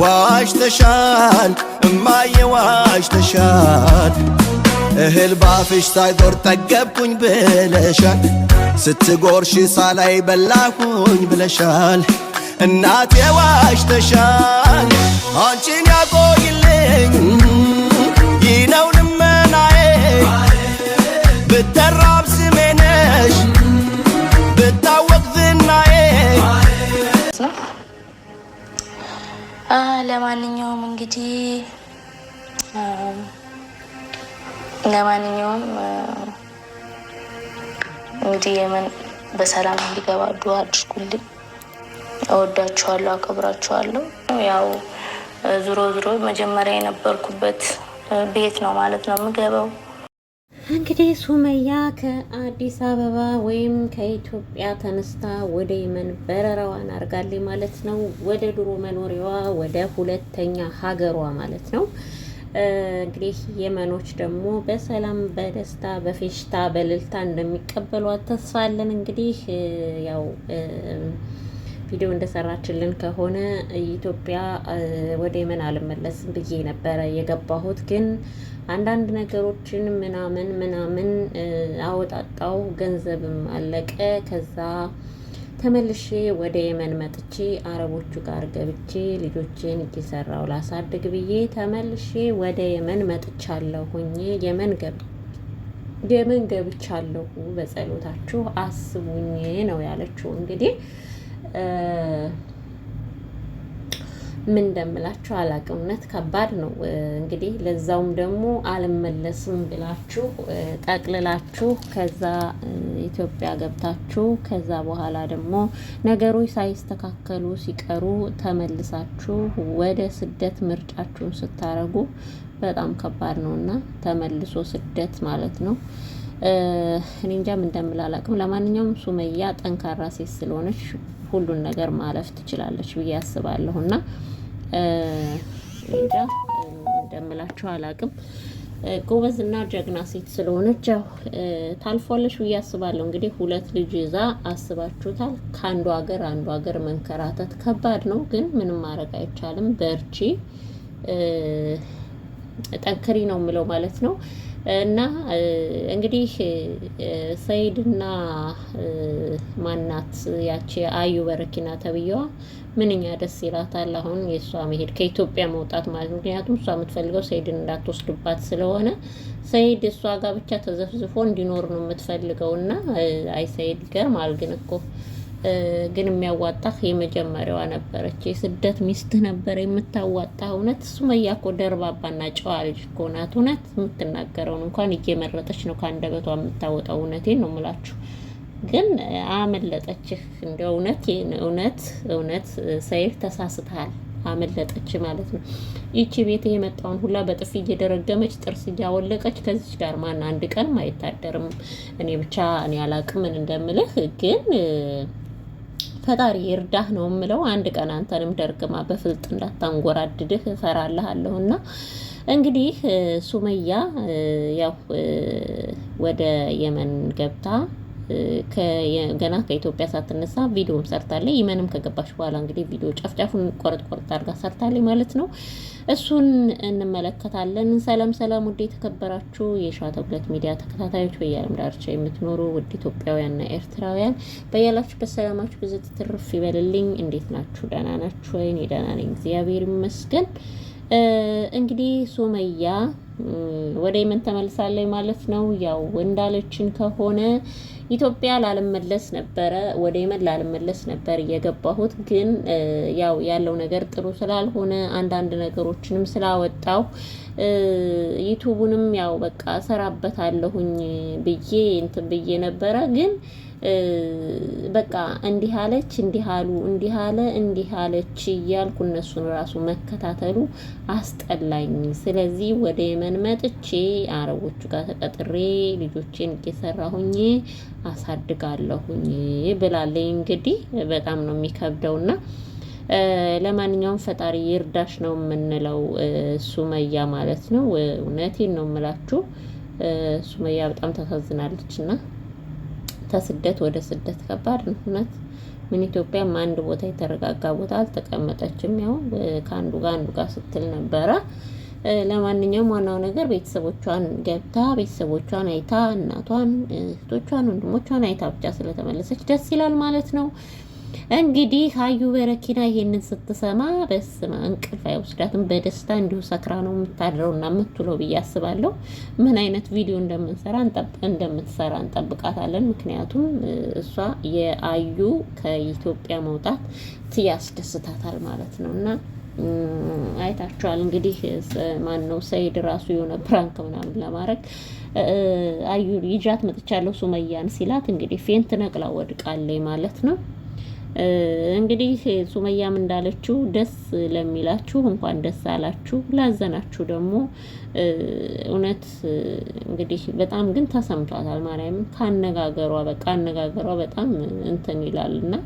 ዋሽተሻል እማዬ ዋሽተሻል እህል ባፍሽ ሳይዞር ጠገብኩኝ ብለሻል ስትጎርሽ ሳላይ በላኩኝ ብለሻል እናቴ ዋሽተሻል አንቺን ያቆይልኝ ይነው ልመናዬ ብተራብ ለማንኛውም እንግዲህ ለማንኛውም እንግዲህ የመን በሰላም እንዲገባ ዱ አድርጉልኝ። እወዳችኋለሁ፣ አከብራችኋለሁ። ያው ዙሮ ዙሮ መጀመሪያ የነበርኩበት ቤት ነው ማለት ነው የምገባው እንግዲህ ሱመያ ከአዲስ አበባ ወይም ከኢትዮጵያ ተነስታ ወደ የመን በረራዋን አድርጋለች ማለት ነው። ወደ ድሮ መኖሪያዋ ወደ ሁለተኛ ሀገሯ ማለት ነው። እንግዲህ የመኖች ደግሞ በሰላም በደስታ በፌሽታ በልልታ እንደሚቀበሏት ተስፋ አለን። እንግዲህ ያው ቪዲዮ እንደሰራችልን ከሆነ ኢትዮጵያ ወደ የመን አልመለስም ብዬ ነበረ የገባሁት። ግን አንዳንድ ነገሮችን ምናምን ምናምን አወጣጣው ገንዘብም አለቀ። ከዛ ተመልሼ ወደ የመን መጥቼ አረቦቹ ጋር ገብቼ ልጆቼን እየሰራው ላሳድግ ብዬ ተመልሼ ወደ የመን መጥቻለሁኝ። የመን ገብ የመን ገብቻለሁ። በጸሎታችሁ አስቡኝ ነው ያለችው እንግዲህ ምን እንደምላችሁ አላቅም። እውነት ከባድ ነው። እንግዲህ ለዛውም ደግሞ አልመለስም ብላችሁ ጠቅልላችሁ ከዛ ኢትዮጵያ ገብታችሁ ከዛ በኋላ ደግሞ ነገሮች ሳይስተካከሉ ሲቀሩ ተመልሳችሁ ወደ ስደት ምርጫችሁን ስታረጉ በጣም ከባድ ነው እና ተመልሶ ስደት ማለት ነው። እኔ እንጃም እንደምል አላውቅም። ለማንኛውም ሱመያ ጠንካራ ሴት ስለሆነች ሁሉን ነገር ማለፍ ትችላለች ብዬ አስባለሁ እና እንጃ እንደምላቸው አላውቅም። ጎበዝ እና ጀግና ሴት ስለሆነች ያው ታልፏለች ብዬ አስባለሁ። እንግዲህ ሁለት ልጅ ይዛ አስባችሁታል። ከአንዱ ሀገር አንዱ ሀገር መንከራተት ከባድ ነው፣ ግን ምንም ማድረግ አይቻልም። በርቺ ጠንክሪ ነው የምለው ማለት ነው። እና እንግዲህ ሰይድና ማናት ያቺ አዩ በረኪና ተብዬዋ ምንኛ ደስ ይላታል። አሁን የእሷ መሄድ ከኢትዮጵያ መውጣት ማለት ምክንያቱም እሷ የምትፈልገው ሰይድን እንዳትወስድባት ስለሆነ ሰይድ እሷ ጋር ብቻ ተዘፍዝፎ እንዲኖር ነው የምትፈልገው። እና አይ ሰይድ ይገርማል ግን እኮ ግን የሚያዋጣህ የመጀመሪያዋ ነበረች። የስደት ሚስት ነበር የምታዋጣ። እውነት ሱመያ እኮ ደርባባና ጨዋ ልጅ እኮ ናት። እውነት የምትናገረውን እንኳን እየመረጠች ነው ከአንደበቷ የምታወጣው። እውነቴን ነው የምላችሁ። ግን አመለጠችህ። እንደ እውነት እውነት እውነት ሰይፍ ተሳስተሃል። አመለጠች ማለት ነው። ይቺ ቤት የመጣውን ሁላ በጥፊ እየደረገመች ጥርስ እያወለቀች ከዚች ጋር ማን አንድ ቀን አይታደርም። እኔ ብቻ እኔ አላቅምን እንደምልህ ግን ፈጣሪ እርዳህ ነው የምለው። አንድ ቀን አንተንም ደርግማ በፍልጥ እንዳታንጎራድድህ እፈራልሃለሁና እንግዲህ ሱመያ ያው ወደ የመን ገብታ ገና ከኢትዮጵያ ሳትነሳ ቪዲዮም ሰርታለች። ይመንም ከገባች በኋላ እንግዲህ ቪዲዮ ጫፍጫፉን ቆረጥ ቆረጥ አድርጋ ሰርታለች ማለት ነው። እሱን እንመለከታለን። ሰላም ሰላም! ውድ የተከበራችሁ የሻተጉለት ሚዲያ ተከታታዮች በየዓለም ዳርቻ የምትኖሩ ውድ ኢትዮጵያውያንና ኤርትራውያን በያላችሁበት በሰላማችሁ ብዙ ትርፍ ይበልልኝ። እንዴት ናችሁ? ደህና ናችሁ ወይ? እኔ ደህና ነኝ፣ እግዚአብሔር ይመስገን። እንግዲህ ሱመያ ወደ የመን ተመልሳለች ማለት ነው። ያው እንዳለችን ከሆነ ኢትዮጵያ ላልመለስ ነበረ፣ ወደ የመን ላልመለስ ነበር የገባሁት። ግን ያው ያለው ነገር ጥሩ ስላልሆነ አንዳንድ ነገሮችንም ስላወጣው ዩቱቡንም ያው በቃ እሰራበታለሁኝ ብዬ እንትን ብዬ ነበረ። ግን በቃ እንዲህ አለች፣ እንዲህ አሉ፣ እንዲህ አለ፣ እንዲህ አለች እያልኩ እነሱን ራሱ መከታተሉ አስጠላኝ። ስለዚህ ወደ የመን መጥቼ አረቦቹ ጋር ተቀጥሬ ልጆቼን እየሰራሁኝ አሳድጋለሁኝ ብላለኝ። እንግዲህ በጣም ነው የሚከብደውና ለማንኛውም ፈጣሪ ይርዳሽ ነው የምንለው ሱመያ ማለት ነው። እውነቴን ነው የምላችሁ ሱመያ በጣም ታሳዝናለች። እና ተስደት ወደ ስደት ከባድ ነው እውነት። ምን ኢትዮጵያም አንድ ቦታ የተረጋጋ ቦታ አልተቀመጠችም። ያው ከአንዱ ጋር አንዱ ጋር ስትል ነበረ። ለማንኛውም ዋናው ነገር ቤተሰቦቿን ገብታ ቤተሰቦቿን አይታ እናቷን፣ እህቶቿን፣ ወንድሞቿን አይታ ብቻ ስለተመለሰች ደስ ይላል ማለት ነው። እንግዲህ ሀዩ በረኪና ይሄንን ስትሰማ በስመ አብ እንቅልፍ አይወስዳትም። በደስታ እንዲሁ ሰክራ ነው የምታድረው እና የምትውለው ብዬ አስባለሁ። ምን አይነት ቪዲዮ እንደምንሰራ እንደምትሰራ እንጠብቃታለን። ምክንያቱም እሷ የአዩ ከኢትዮጵያ መውጣት ትያስደስታታል ማለት ነው እና አይታችኋል እንግዲህ ማን ነው ሰይድ ራሱ የሆነ ፕራንክ ምናምን ለማድረግ አዩ ይዣት መጥቻለሁ ሱመያን ሲላት እንግዲህ ፌንት ነቅላ ወድቃለች ማለት ነው። እንግዲህ ሱመያም እንዳለችው ደስ ለሚላችሁ እንኳን ደስ አላችሁ፣ ላዘናችሁ ደግሞ እውነት እንግዲህ በጣም ግን ተሰምቷታል። ማርያም ካነጋገሯ በቃ አነጋገሯ በጣም እንትን ይላል እና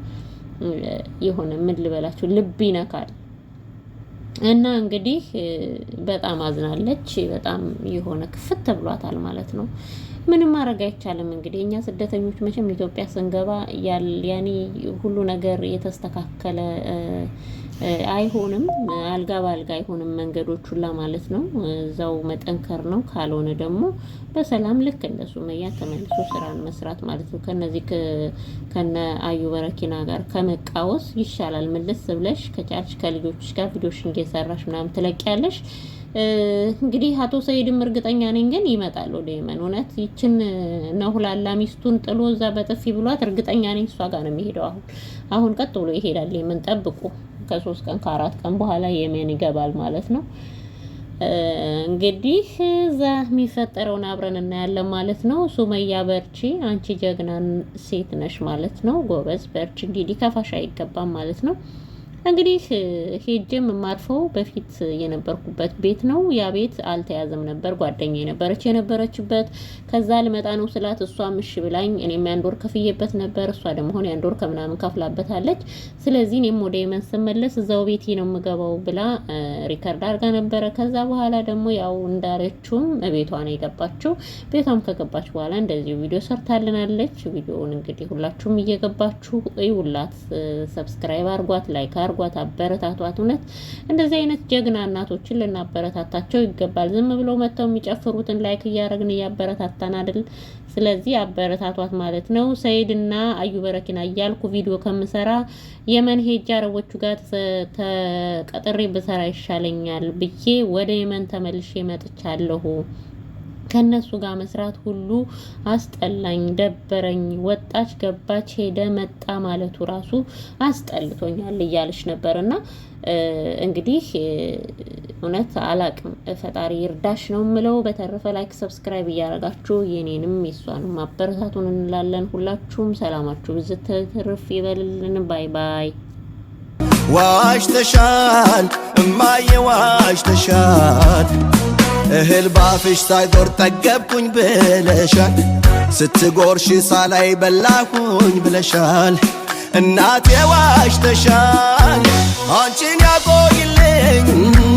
የሆነ ምን ልበላችሁ ልብ ይነካል። እና እንግዲህ በጣም አዝናለች። በጣም የሆነ ክፍት ተብሏታል ማለት ነው። ምንም ማድረግ አይቻልም። እንግዲህ እኛ ስደተኞች መቼም ኢትዮጵያ ስንገባ ያኔ ሁሉ ነገር የተስተካከለ አይሆንም። አልጋ በአልጋ አይሆንም መንገዶቹ ሁላ ማለት ነው። እዛው መጠንከር ነው። ካልሆነ ደግሞ በሰላም ልክ እንደ ሱመያ ተመልሶ ስራን መስራት ማለት ነው። ከነዚህ ከነ አዩ በረኪና ጋር ከመቃወስ ይሻላል። ምልስ ብለሽ ከቻልሽ ከልጆች ጋር ቪዲዮሽን እየሰራሽ ምናምን ትለቂያለሽ። እንግዲህ አቶ ሰይድም እርግጠኛ ነኝ ግን ይመጣል ወደ የመን። እውነት ይችን ነሁላላ ሚስቱን ጥሎ እዛ በጥፊ ብሏት እርግጠኛ ነኝ እሷ ጋር ነው የሚሄደው። አሁን አሁን ቀጥ ብሎ ይሄዳል። የመን ጠብቁ። ከሶስት ቀን ከአራት ቀን በኋላ የመን ይገባል ማለት ነው። እንግዲህ እዛ የሚፈጠረውን አብረን እናያለን ማለት ነው። ሱመያ በርቺ፣ አንቺ ጀግናን ሴት ነሽ ማለት ነው። ጎበዝ በርቺ፣ እንግዲህ ሊከፋሽ አይገባም ማለት ነው። እንግዲህ ሄጄም የማርፈው በፊት የነበርኩበት ቤት ነው። ያ ቤት አልተያዘም ነበር፣ ጓደኛ የነበረች የነበረችበት። ከዛ ልመጣ ነው ስላት እሷ ምሽ ብላኝ፣ እኔም ያንድ ወር ከፍዬበት ነበር። እሷ ደግሞ ሆነ ያንድ ወር ከምናምን ከፍላበታለች። ስለዚህ እኔም ወደ የመን ስመለስ እዛው ቤቴ ነው የምገባው ብላ ሪከርድ አድርጋ ነበረ። ከዛ በኋላ ደግሞ ያው እንዳረችውም ቤቷ ነው የገባችው። ቤቷም ከገባች በኋላ እንደዚሁ ቪዲዮ ሰርታልናለች። ቪዲዮውን እንግዲህ ሁላችሁም እየገባችሁ ይውላት፣ ሰብስክራይብ አርጓት፣ ላይክ አርጓት፣ አበረታቷት። እውነት እንደዚህ አይነት ጀግና እናቶችን ልናበረታታቸው ይገባል። ዝም ብለው መጥተው የሚጨፍሩትን ላይክ እያደረግን እያበረታታን አይደል? ስለዚህ አበረታቷት ማለት ነው። ሰይድና አዩ በረኪና እያልኩ ቪዲዮ ከምሰራ የመን ሄጄ አረቦቹ ጋር ተቀጥሬ ብሰራ ይሻለኛል ብዬ ወደ የመን ተመልሼ መጥቻለሁ። ከነሱ ጋር መስራት ሁሉ አስጠላኝ፣ ደበረኝ። ወጣች ገባች ሄደ መጣ ማለቱ ራሱ አስጠልቶኛል እያለች ነበር። እና እንግዲህ እውነት አላቅም፣ ፈጣሪ ይርዳሽ ነው የምለው። በተረፈ ላይክ፣ ሰብስክራይብ እያደረጋችሁ የኔንም የሷንም ማበረታቱን እንላለን። ሁላችሁም ሰላማችሁ ብዝት ትርፍ ይበልልን። ባይ ባይ። ዋሽተሻል እማዬ ዋሽተሻል። እህል ባፍሽ ሳይዞር ጠገብኩኝ ብለሻል። ስትጎርሽ ሳላይ በላኩኝ ብለሻል። እናቴ ዋሽተሻል። አንቺን ያቆይልኝ